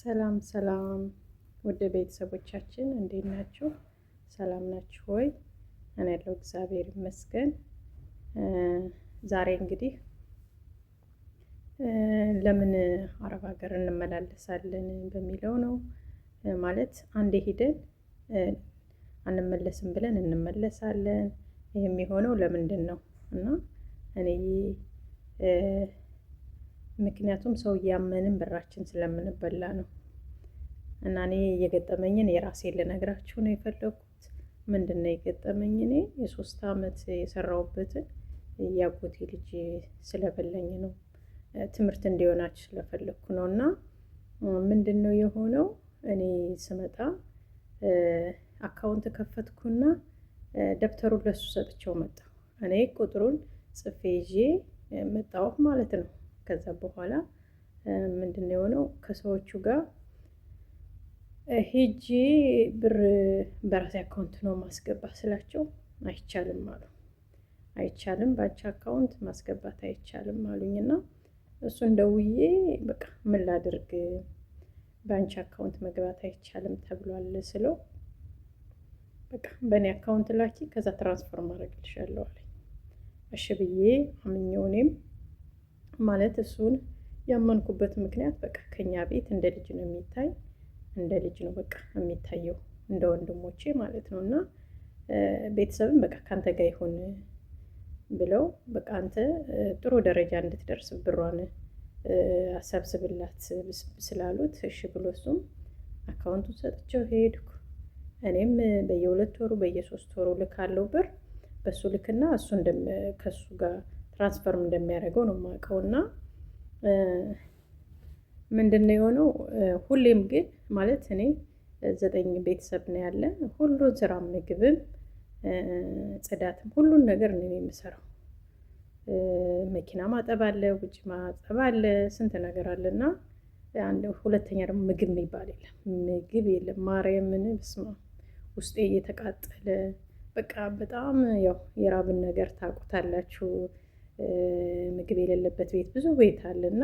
ሰላም ሰላም ውድ ቤተሰቦቻችን እንዴት ናችሁ? ሰላም ናችሁ ወይ? እኔ ያለው እግዚአብሔር ይመስገን። ዛሬ እንግዲህ ለምን አረብ ሀገር እንመላለሳለን በሚለው ነው። ማለት አንዴ ሂደን አንመለስም ብለን እንመለሳለን። ይህ የሆነው ለምንድን ነው እና እኔ ምክንያቱም ሰው እያመንን ብራችን ስለምንበላ ነው። እና እኔ የገጠመኝን የራሴን ልነግራችሁ ነው የፈለኩት። ምንድን ነው የገጠመኝ? እኔ የሶስት ዓመት የሰራሁበትን ያጎቴ ልጅ ስለበላኝ ነው። ትምህርት እንዲሆናችሁ ስለፈለግኩ ነው። እና ምንድን ነው የሆነው? እኔ ስመጣ አካውንት ከፈትኩና ደብተሩን ለሱ ሰጥቼው መጣሁ። እኔ ቁጥሩን ጽፌ ይዤ መጣሁ ማለት ነው። ከዛ በኋላ ምንድን ነው የሆነው ከሰዎቹ ጋር ሄጂ ብር በራሴ አካውንት ነው ማስገባ ስላቸው አይቻልም አሉ። አይቻልም በአንቺ አካውንት ማስገባት አይቻልም አሉኝና እሱን ደውዬ በቃ ምን ላድርግ በአንቺ አካውንት መግባት አይቻልም ተብሏል ስለው በቃ በእኔ አካውንት ላኪ ከዛ ትራንስፈር ማድረግ ልሻለሁ እሺ ብዬ አምኜው እኔም ማለት እሱን ያመንኩበት ምክንያት በቃ ከኛ ቤት እንደ ልጅ ነው የሚታይ እንደ ልጅ ነው በቃ የሚታየው እንደ ወንድሞቼ ማለት ነው። እና ቤተሰብም በቃ ከአንተ ጋር ይሆን ብለው በቃ አንተ ጥሩ ደረጃ እንድትደርስ ብሯን አሰብስብላት ስላሉት እሺ ብሎ እሱም አካውንቱን ሰጥቼው ሄድኩ። እኔም በየሁለት ወሩ በየሶስት ወሩ ልካለው ብር በእሱ ልክና እሱ ከእሱ ጋር ትራንስፈርም እንደሚያደርገው ነው የማውቀው። እና ምንድን ነው የሆነው ሁሌም ግን ማለት እኔ ዘጠኝ ቤተሰብ ነው ያለ። ሁሉን ስራ ምግብም፣ ጽዳትም፣ ሁሉን ነገር ነው የምሰራው። መኪና ማጠብ አለ፣ ውጭ ማጠብ አለ፣ ስንት ነገር አለ እና ሁለተኛ ደግሞ ምግብ የሚባል የለም። ምግብ የለም። ማርያምን ስማ ውስጤ እየተቃጠለ በቃ በጣም ያው የራብን ነገር ታውቁታላችሁ። ምግብ የሌለበት ቤት ብዙ ቤት አለ እና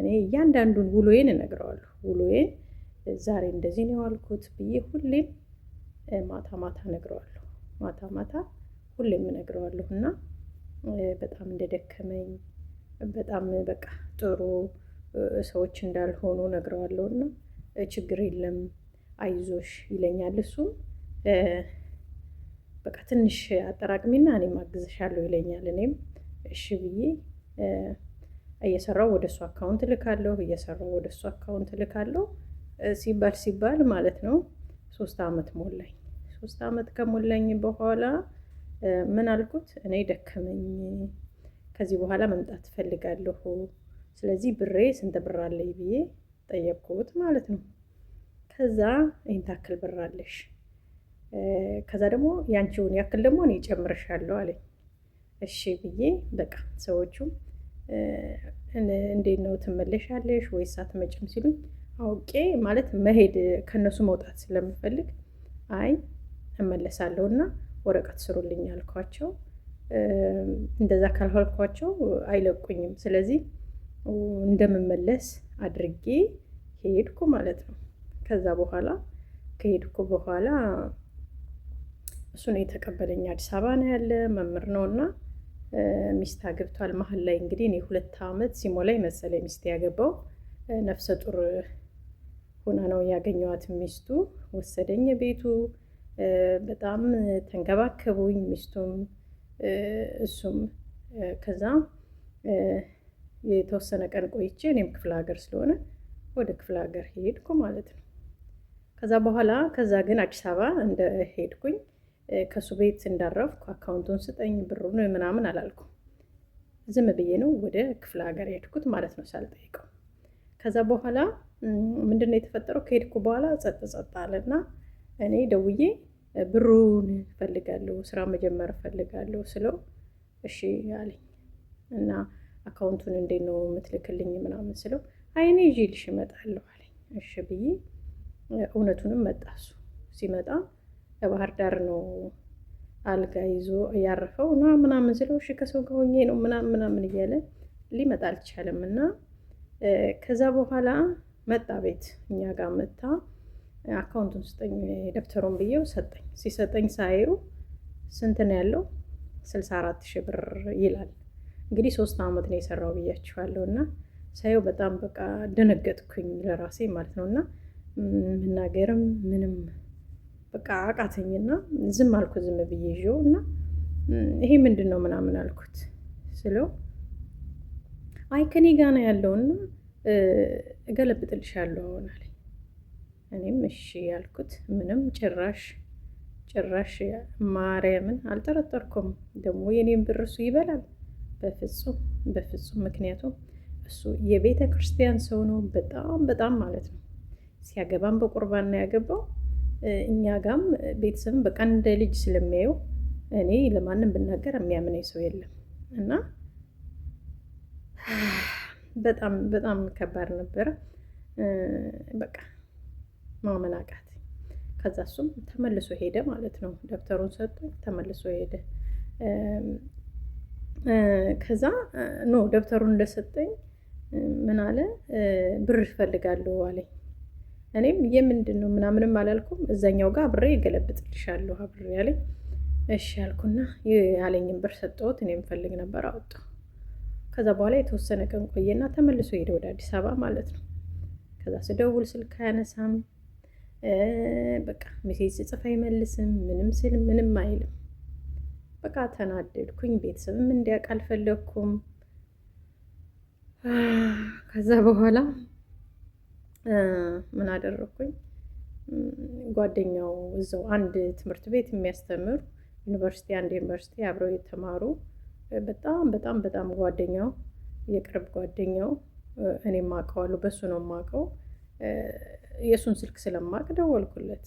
እኔ እያንዳንዱን ውሎዬን እነግረዋለሁ። ውሎዬን ዛሬ እንደዚህ ነው ያልኩት ብዬ ሁሌም ማታ ማታ እነግረዋለሁ። ማታ ማታ ሁሌም እነግረዋለሁ እና በጣም እንደደከመኝ በጣም በቃ ጥሩ ሰዎች እንዳልሆኑ ነግረዋለሁ እና ችግር የለም አይዞሽ ይለኛል እሱም በቃ ትንሽ አጠራቅሚና እኔም አግዝሻለሁ ይለኛል። እኔም እሺ ብዬ እየሰራው ወደ እሱ አካውንት ልካለሁ፣ እየሰራው ወደ እሱ አካውንት ልካለሁ ሲባል ሲባል ማለት ነው ሶስት አመት ሞላኝ። ሶስት አመት ከሞላኝ በኋላ ምን አልኩት፣ እኔ ደከመኝ፣ ከዚህ በኋላ መምጣት እፈልጋለሁ። ስለዚህ ብሬ ስንት ብር አለኝ ብዬ ጠየቅኩት ማለት ነው። ከዛ ይህን ታክል ብር አለሽ ከዛ ደግሞ ያንቺውን ያክል ደግሞ እኔ ጨምርሻለሁ አለኝ። እሺ ብዬ በቃ ሰዎቹም እንዴት ነው ትመለሻለሽ ወይስ አትመጭም ሲሉኝ አውቄ ማለት መሄድ ከእነሱ መውጣት ስለምፈልግ አይ እመለሳለሁ እና ወረቀት ስሩልኝ አልኳቸው። እንደዛ ካልኳቸው አይለቁኝም። ስለዚህ እንደምመለስ አድርጌ ሄድኩ ማለት ነው። ከዛ በኋላ ከሄድኩ በኋላ እሱ ነው የተቀበለኝ። አዲስ አበባ ነው ያለ መምህር ነው እና ሚስት አግብቷል። መሀል ላይ እንግዲህ እኔ ሁለት ሲሞ ላይ መሰለኝ ሚስት ያገባው ነፍሰ ጡር ሆና ነው ያገኘዋት። ሚስቱ ወሰደኝ ቤቱ፣ በጣም ተንከባከቡኝ፣ ሚስቱም እሱም። ከዛ የተወሰነ ቀን ቆይቼ እኔም ክፍለ ሀገር ስለሆነ ወደ ክፍለ ሀገር ሄድኩ ማለት ነው። ከዛ በኋላ ከዛ ግን አዲስ አበባ እንደ ሄድኩኝ ከሱ ቤት እንዳረፍኩ አካውንቱን ስጠኝ ብሩን ምናምን አላልኩም። ዝም ብዬ ነው ወደ ክፍለ ሀገር የሄድኩት ማለት ነው ሳልጠይቀው። ከዛ በኋላ ምንድን ነው የተፈጠረው? ከሄድኩ በኋላ ጸጥ ጸጥ አለና እኔ ደውዬ ብሩን እፈልጋለሁ ስራ መጀመር እፈልጋለሁ ስለው እሺ አለኝ እና አካውንቱን እንዴት ነው የምትልክልኝ ምናምን ስለው አይ እኔ ይዤልሽ እመጣለሁ አለኝ። እሺ ብዬ እውነቱንም መጣ እሱ ሲመጣ ከባህር ዳር ነው አልጋ ይዞ ያረፈው እና ምናምን ስለው እሺ ከሰው ጋር ሆኜ ነው ምናምን ምናምን እያለ ሊመጣ አልቻለም። እና ከዛ በኋላ መጣ ቤት እኛ ጋር መታ አካውንቱን ስጠኝ ደብተሩን ብዬው ሰጠኝ። ሲሰጠኝ ሳየው ስንት ነው ያለው? ስልሳ አራት ሺህ ብር ይላል። እንግዲህ ሶስት አመት ነው የሰራው ብያችኋለሁ። እና ሳየው በጣም በቃ ደነገጥኩኝ ለራሴ ማለት ነው እና መናገርም ምንም በቃ አቃተኝና ዝም አልኩ። ዝም ብዬ ይዤው እና ይሄ ምንድን ነው ምናምን አልኩት ስለው አይ ከኔ ጋር ነው ያለውና እገለብጥልሻለሁ አሁን አለኝ። እኔም እሺ ያልኩት ምንም ጭራሽ ጭራሽ ማርያምን አልጠረጠርኩም። ደግሞ የኔም ብር እሱ ይበላል በፍጹም በፍጹም። ምክንያቱም እሱ የቤተ ክርስቲያን ሰው ነው፣ በጣም በጣም ማለት ነው። ሲያገባም በቁርባን ነው ያገባው እኛ ጋም ቤተሰብም በቃ እንደ ልጅ ስለሚያየው እኔ ለማንም ብናገር የሚያምነኝ ሰው የለም እና በጣም በጣም ከባድ ነበረ። በቃ ማመን አቃት። ከዛ እሱም ተመልሶ ሄደ ማለት ነው። ደብተሩን ሰጡ፣ ተመልሶ ሄደ። ከዛ ኖ ደብተሩን እንደሰጠኝ ምን አለ ብር እፈልጋለሁ አለኝ። እኔም የምንድን ነው ምናምንም አላልኩም። እዛኛው ጋር አብሬ እገለብጥልሻለሁ አብሬ ያለኝ እሺ ያልኩና ያለኝን ብር ሰጠሁት። እኔ የምፈልግ ነበር አወጣሁ። ከዛ በኋላ የተወሰነ ቀን ቆየና ተመልሶ ሄደ ወደ አዲስ አበባ ማለት ነው። ከዛ ስደውል ስልክ አያነሳም፣ በቃ ሜሴጅ ስጽፍ አይመልስም፣ ምንም ስል ምንም አይልም። በቃ ተናደድኩኝ። ቤተሰብም እንዲያውቅ አልፈለግኩም። ከዛ በኋላ ምን አደረግኩኝ? ጓደኛው እዛው አንድ ትምህርት ቤት የሚያስተምር ዩኒቨርሲቲ አንድ ዩኒቨርሲቲ አብረው የተማሩ በጣም በጣም በጣም ጓደኛው የቅርብ ጓደኛው እኔ ማቀዋሉ በሱ ነው ማውቀው። የእሱን ስልክ ስለማቅ ደወልኩለት።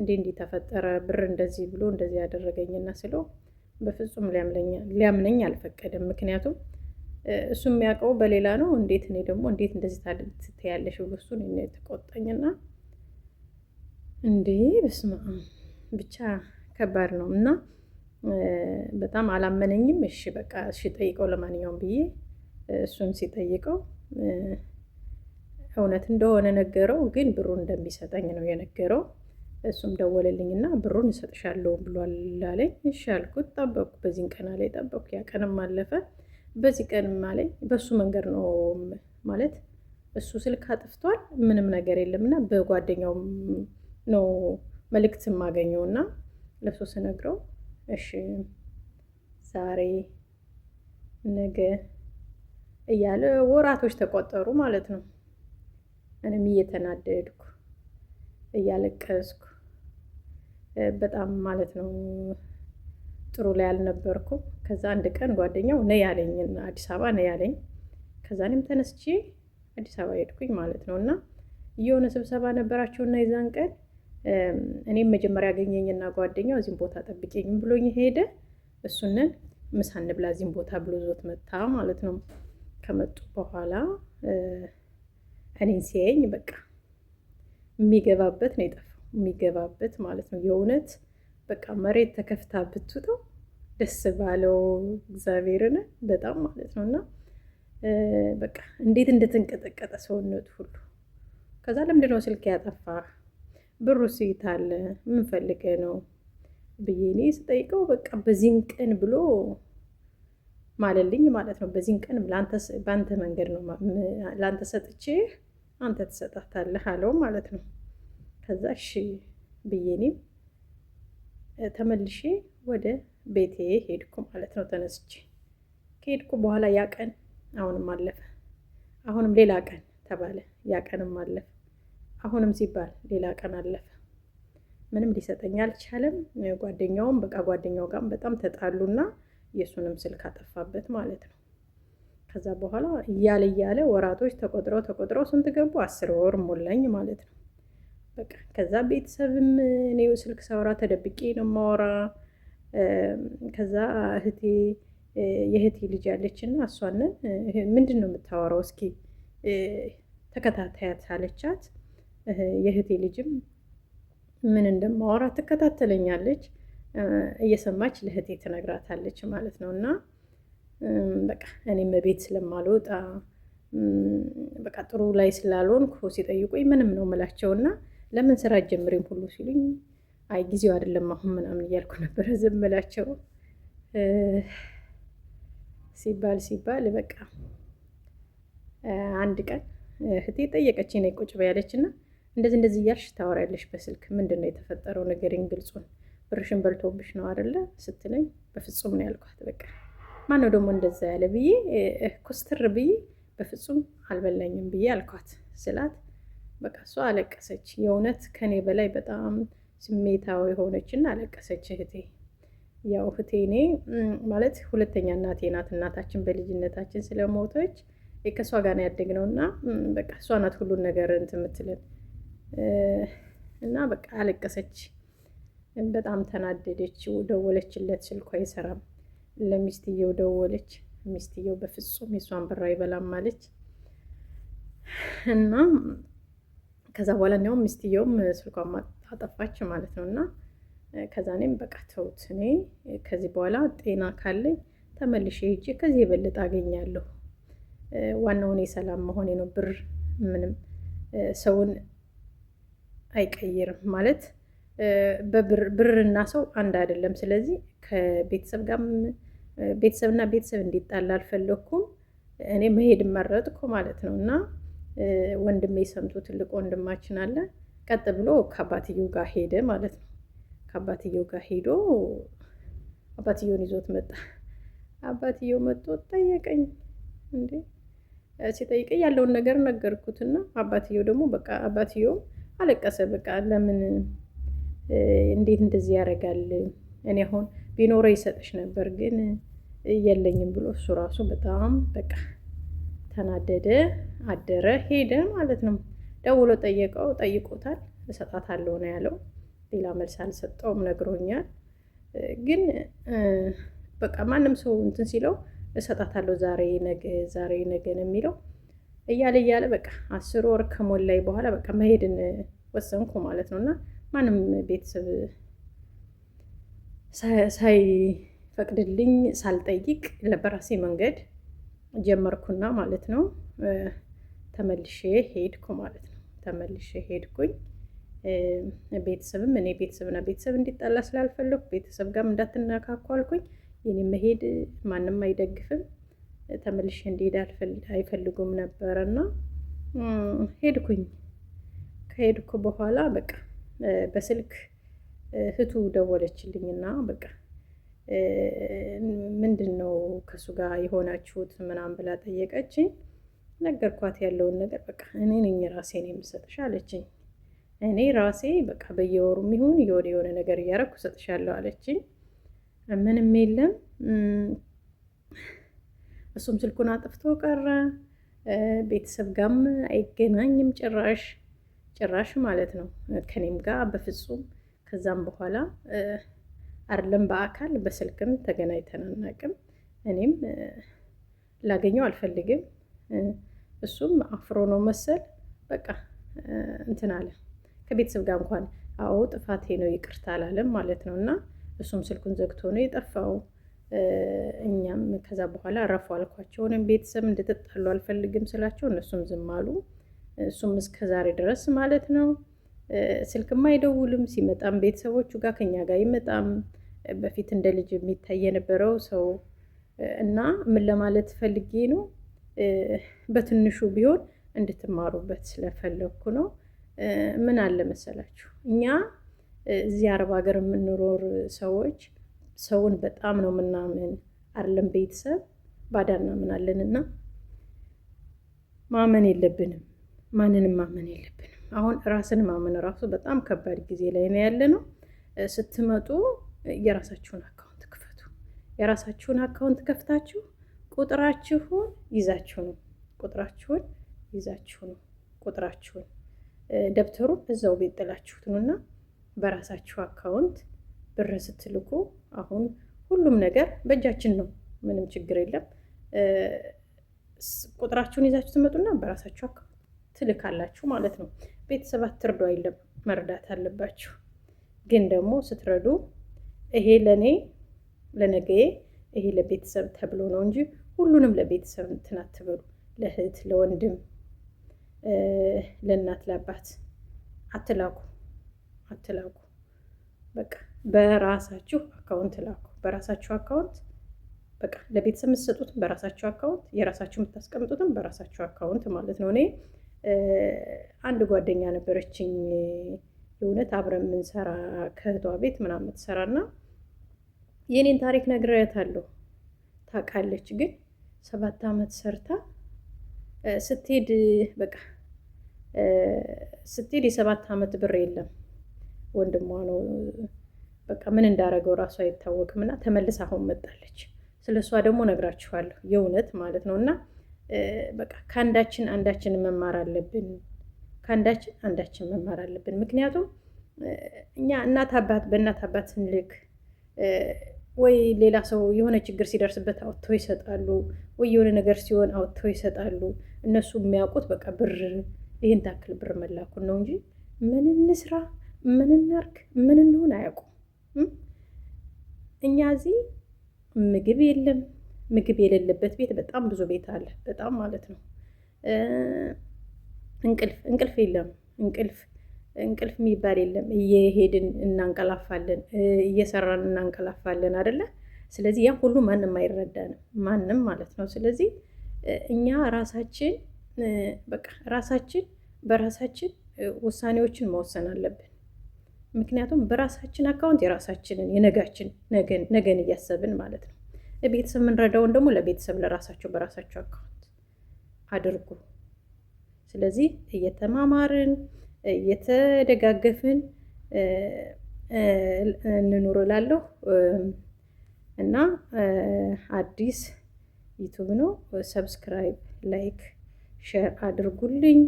እንዲህ እንዲህ ተፈጠረ፣ ብር እንደዚህ ብሎ እንደዚህ ያደረገኝና ስለው በፍጹም ሊያምነኝ አልፈቀደም። ምክንያቱም እሱ የሚያውቀው በሌላ ነው። እንዴት እኔ ደግሞ እንዴት እንደዚህ ትያለሽ ብሎ እሱን ተቆጣኝና እንዴ በስማ ብቻ ከባድ ነው እና በጣም አላመነኝም። እሺ በቃ እሺ ጠይቀው ለማንኛውም ብዬ እሱን ሲጠይቀው እውነት እንደሆነ ነገረው። ግን ብሩ እንደሚሰጠኝ ነው የነገረው። እሱም ደወለልኝና ብሩን እሰጥሻለሁ ብሏል አለኝ። እሺ አልኩት። ጠበቅኩ፣ በዚህን ቀና ላይ ጠበቅኩ። ያ ቀንም አለፈ። በዚህ ቀን ማለኝ በሱ መንገድ ነው ማለት እሱ ስልክ አጥፍቷል፣ ምንም ነገር የለም እና በጓደኛው ነው መልእክት የማገኘው እና ለብሶ ስነግረው እሺ ዛሬ ነገ እያለ ወራቶች ተቆጠሩ ማለት ነው። እኔም እየተናደድኩ እያለቀስኩ በጣም ማለት ነው ጥሩ ላይ አልነበርኩም። ከዛ አንድ ቀን ጓደኛው ነይ ያለኝ አዲስ አበባ ነይ ያለኝ፣ ከዛ እኔም ተነስቼ አዲስ አበባ ሄድኩኝ ማለት ነው። እና የሆነ ስብሰባ እና የዛን ቀን እኔም መጀመሪያ ያገኘኝና ጓደኛው እዚህም ቦታ ጠብቄኝም ብሎኝ ሄደ። እሱንን ምሳ እንብላ እዚህም ቦታ ብሎ ዞት መጣ ማለት ነው። ከመጡ በኋላ እኔን ሲያየኝ በቃ የሚገባበት ነው የጠፋው፣ የሚገባበት ማለት ነው የእውነት በቃ መሬት ተከፍታ ብትውጠው ደስ ባለው እግዚአብሔርን በጣም ማለት ነው። እና በቃ እንዴት እንደተንቀጠቀጠ ሰውነቱ ሁሉ ከዛ ለምንድን ነው ስልክ ያጠፋ ብሩ ሴት አለ ምን ነው ብዬ እኔ ስጠይቀው በቃ በዚህን ቀን ብሎ ማለልኝ ማለት ነው። በዚህን ቀን በአንተ መንገድ ነው ለአንተ ሰጥቼ አንተ ትሰጣታለህ አለው ማለት ነው። ከዛ እሺ ብዬ እኔም ተመልሼ ወደ ቤቴ ሄድኩ ማለት ነው። ተነስቼ ከሄድኩ በኋላ ያ ቀን አሁንም አለፈ። አሁንም ሌላ ቀን ተባለ። ያ ቀንም አለፈ። አሁንም ሲባል ሌላ ቀን አለፈ። ምንም ሊሰጠኝ አልቻለም። ጓደኛውም በቃ ጓደኛው ጋርም በጣም ተጣሉና የእሱንም ስልክ አጠፋበት ማለት ነው። ከዛ በኋላ እያለ እያለ ወራቶች ተቆጥረው ተቆጥረው ስንት ገቡ? አስር ወር ሞላኝ ማለት ነው። በቃ ከዛ ቤተሰብም እኔው ስልክ ሳወራ ተደብቄ ነው ማወራ። ከዛ እህቴ የእህቴ ልጅ ያለች እና እሷንን ምንድን ነው የምታወራው እስኪ ተከታታያት አለቻት። የእህቴ ልጅም ምን እንደማወራ ትከታተለኛለች እየሰማች ለእህቴ ትነግራታለች ማለት ነው። እና በቃ እኔም ቤት ስለማልወጣ በቃ ጥሩ ላይ ስላልሆንኩ ሲጠይቁኝ ምንም ነው ምላቸውና ለምን ስራ ጀምሬም ሁሉ ሲሉኝ አይ ጊዜው አይደለም አሁን ምናምን እያልኩ ነበረ ዝም ሲባል ሲባል በቃ አንድ ቀን እህቴ ጠየቀች ነ ቁጭ በያለች እና እንደዚህ እንደዚህ እያልሽ ታወሪያለሽ በስልክ ምንድን ነው የተፈጠረው ንገሪኝ ግልጹን ብርሽን በልቶብሽ ነው አደለ ስትለኝ በፍጹም ነው ያልኳት በቃ ማነው ደግሞ እንደዛ ያለ ብዬ ኮስትር ብዬ በፍጹም አልበላኝም ብዬ አልኳት ስላት በቃ እሷ አለቀሰች። የእውነት ከኔ በላይ በጣም ስሜታዊ የሆነች አለቀሰች እህቴ። ያው እህቴ እኔ ማለት ሁለተኛ እናቴ ናት። እናታችን በልጅነታችን ስለሞተች ከእሷ ጋር ነው እና በቃ እሷ ናት ሁሉን ነገር እንትን የምትልን እና በቃ አለቀሰች። በጣም ተናደደች። ደወለችለት፣ ስልኳ አይሰራም። ለሚስትየው ደወለች። ሚስትየው በፍጹም የሷን ብር አይበላም አለች እና ከዛ በኋላ እንዲያውም ሚስትየውም ስልኳን አጠፋች ማለት ነው። እና ከዛ እኔም በቃ ተውት፣ እኔ ከዚህ በኋላ ጤና ካለኝ ተመልሼ ሄጄ ከዚህ የበለጠ አገኛለሁ። ዋናው እኔ ሰላም መሆኔ ነው። ብር ምንም ሰውን አይቀይርም ማለት ብርና ሰው አንድ አይደለም። ስለዚህ ከቤተሰብ ጋር ቤተሰብና ቤተሰብ እንዲጣላ አልፈለግኩም። እኔ መሄድ መረጥኩ ማለት ነው እና ወንድሜ ሰምቶ ትልቅ ወንድማችን አለ። ቀጥ ብሎ ከአባትየው ጋር ሄደ ማለት ነው። ከአባትየው ጋር ሄዶ አባትየውን ይዞት መጣ። አባትየው መጥቶ ጠየቀኝ። እንዴ ሲጠይቀኝ ያለውን ነገር ነገርኩትና አባትየው ደግሞ በቃ አባትዮ አለቀሰ። በቃ ለምን እንዴት እንደዚህ ያደርጋል? እኔ አሁን ቢኖረ ይሰጥሽ ነበር ግን የለኝም ብሎ እሱ ራሱ በጣም በቃ ተናደደ፣ አደረ፣ ሄደ ማለት ነው። ደውሎ ጠየቀው፣ ጠይቆታል። እሰጣታለሁ ነው ያለው። ሌላ መልስ አልሰጠውም፣ ነግሮኛል። ግን በቃ ማንም ሰው እንትን ሲለው እሰጣታለሁ ዛሬ ነገ፣ ዛሬ ነገ ነው የሚለው እያለ እያለ በቃ አስር ወር ከሞላይ በኋላ በቃ መሄድን ወሰንኩ ማለት ነው። እና ማንም ቤተሰብ ሳይፈቅድልኝ ሳልጠይቅ ለበራሴ መንገድ ጀመርኩና ማለት ነው ተመልሼ ሄድኩ ማለት ነው። ተመልሼ ሄድኩኝ። ቤተሰብም እኔ ቤተሰብና ቤተሰብ እንዲጣላ ስላልፈለኩ ቤተሰብ ጋርም እንዳትነካኳልኩኝ አልኩኝ። የኔ መሄድ ማንም አይደግፍም፣ ተመልሼ እንዲሄድ አይፈልጉም ነበረ እና ሄድኩኝ። ከሄድኩ በኋላ በቃ በስልክ እህቱ ደወለችልኝና በቃ ምንድን ነው ከእሱ ጋር የሆናችሁት ምናምን ብላ ጠየቀችኝ። ነገርኳት ያለውን ነገር በቃ እኔ ነኝ ራሴ ነው የምሰጥሽ አለችኝ። እኔ ራሴ በቃ በየወሩ የሚሆን የወደ የሆነ ነገር እያረኩ እሰጥሻለሁ አለችኝ። ምንም የለም። እሱም ስልኩን አጥፍቶ ቀረ። ቤተሰብ ጋም አይገናኝም ጭራሽ ጭራሽ ማለት ነው ከኔም ጋር በፍጹም ከዛም በኋላ አይደለም በአካል በስልክም ተገናኝተን አናውቅም። እኔም ላገኘው አልፈልግም። እሱም አፍሮ ነው መሰል በቃ እንትን አለ። ከቤተሰብ ጋር እንኳን አዎ ጥፋቴ ነው ይቅርታ አላለም ማለት ነው። እና እሱም ስልኩን ዘግቶ ነው የጠፋው። እኛም ከዛ በኋላ ረፉ አልኳቸው። እኔም ቤተሰብ እንድትጣሉ አልፈልግም ስላቸው እነሱም ዝም አሉ። እሱም እስከ ዛሬ ድረስ ማለት ነው ስልክም አይደውልም። ሲመጣም ቤተሰቦቹ ጋር ከኛ ጋር ይመጣም በፊት እንደ ልጅ የሚታይ የነበረው ሰው እና ምን ለማለት ፈልጌ ነው፣ በትንሹ ቢሆን እንድትማሩበት ስለፈለግኩ ነው። ምን አለ መሰላችሁ፣ እኛ እዚህ አረብ ሀገር የምንኖር ሰዎች ሰውን በጣም ነው ምናምን አለም ቤተሰብ ባዳ እናምናለን እና ማመን የለብንም ማንንም ማመን የለብንም። አሁን ራስን ማመን ራሱ በጣም ከባድ ጊዜ ላይ ነው ያለ ነው ስትመጡ የራሳችሁን አካውንት ክፈቱ። የራሳችሁን አካውንት ከፍታችሁ ቁጥራችሁን ይዛችሁ ነው ቁጥራችሁን ይዛችሁ ነው ቁጥራችሁን ደብተሩን እዛው ቤት ጥላችሁት በራሳችሁ አካውንት ብር ስትልኩ አሁን ሁሉም ነገር በእጃችን ነው። ምንም ችግር የለም። ቁጥራችሁን ይዛችሁ ትመጡና በራሳችሁ አካውንት ትልካላችሁ ማለት ነው። ቤተሰባት ትርዱ አይለም፣ መርዳት አለባችሁ። ግን ደግሞ ስትረዱ ይሄ ለእኔ ለነገዬ ይሄ ለቤተሰብ ተብሎ ነው እንጂ ሁሉንም ለቤተሰብ እንትን አትበሉ። ለእህት ለወንድም፣ ለእናት ለአባት አትላኩ አትላኩ። በቃ በራሳችሁ አካውንት ላኩ። በራሳችሁ አካውንት በቃ ለቤተሰብ የምትሰጡትም በራሳችሁ አካውንት፣ የራሳችሁ የምታስቀምጡትም በራሳችሁ አካውንት ማለት ነው። እኔ አንድ ጓደኛ ነበረችኝ የእውነት አብረን የምንሰራ ከእህቷ ቤት ምናምን የምትሰራና የኔን ታሪክ ነግሬያታለሁ። ታውቃለች። ግን ሰባት ዓመት ሰርታ ስትሄድ በቃ ስትሄድ የሰባት ዓመት ብር የለም ወንድሟ ነው በቃ ምን እንዳደረገው እራሱ አይታወቅም። እና ተመልስ አሁን መጣለች። ስለ እሷ ደግሞ ነግራችኋለሁ የእውነት ማለት ነው። እና በቃ ከአንዳችን አንዳችን መማር አለብን። ከአንዳችን አንዳችን መማር አለብን። ምክንያቱም እኛ እናት አባት በእናት አባት ስንልክ ወይ ሌላ ሰው የሆነ ችግር ሲደርስበት አውጥተው ይሰጣሉ፣ ወይ የሆነ ነገር ሲሆን አውጥተው ይሰጣሉ። እነሱ የሚያውቁት በቃ ብር ይህን ታክል ብር መላኩን ነው እንጂ ምን እንስራ፣ ምን እናርግ፣ ምን እንሆን አያውቁም። እኛ እዚህ ምግብ የለም። ምግብ የሌለበት ቤት በጣም ብዙ ቤት አለ፣ በጣም ማለት ነው። እንቅልፍ እንቅልፍ የለም። እንቅልፍ እንቅልፍ የሚባል የለም። እየሄድን እናንቀላፋለን፣ እየሰራን እናንቀላፋለን አደለ? ስለዚህ ያ ሁሉ ማንም አይረዳንም፣ ማንም ማለት ነው። ስለዚህ እኛ ራሳችን በቃ ራሳችን በራሳችን ውሳኔዎችን መወሰን አለብን። ምክንያቱም በራሳችን አካውንት የራሳችንን የነጋችን ነገን እያሰብን ማለት ነው። ቤተሰብ የምንረዳውን ደግሞ ለቤተሰብ ለራሳቸው በራሳቸው አካውንት አድርጉ። ስለዚህ እየተማማርን እየተደጋገፍን እንኑር እና አዲስ ዩቱብ ነው። ሰብስክራይብ፣ ላይክ፣ ሼር አድርጉልኝ።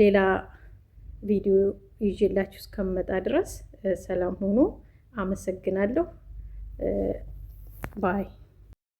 ሌላ ቪዲዮ ይዤላችሁ እስከምመጣ ድረስ ሰላም ሆኖ አመሰግናለሁ። ባይ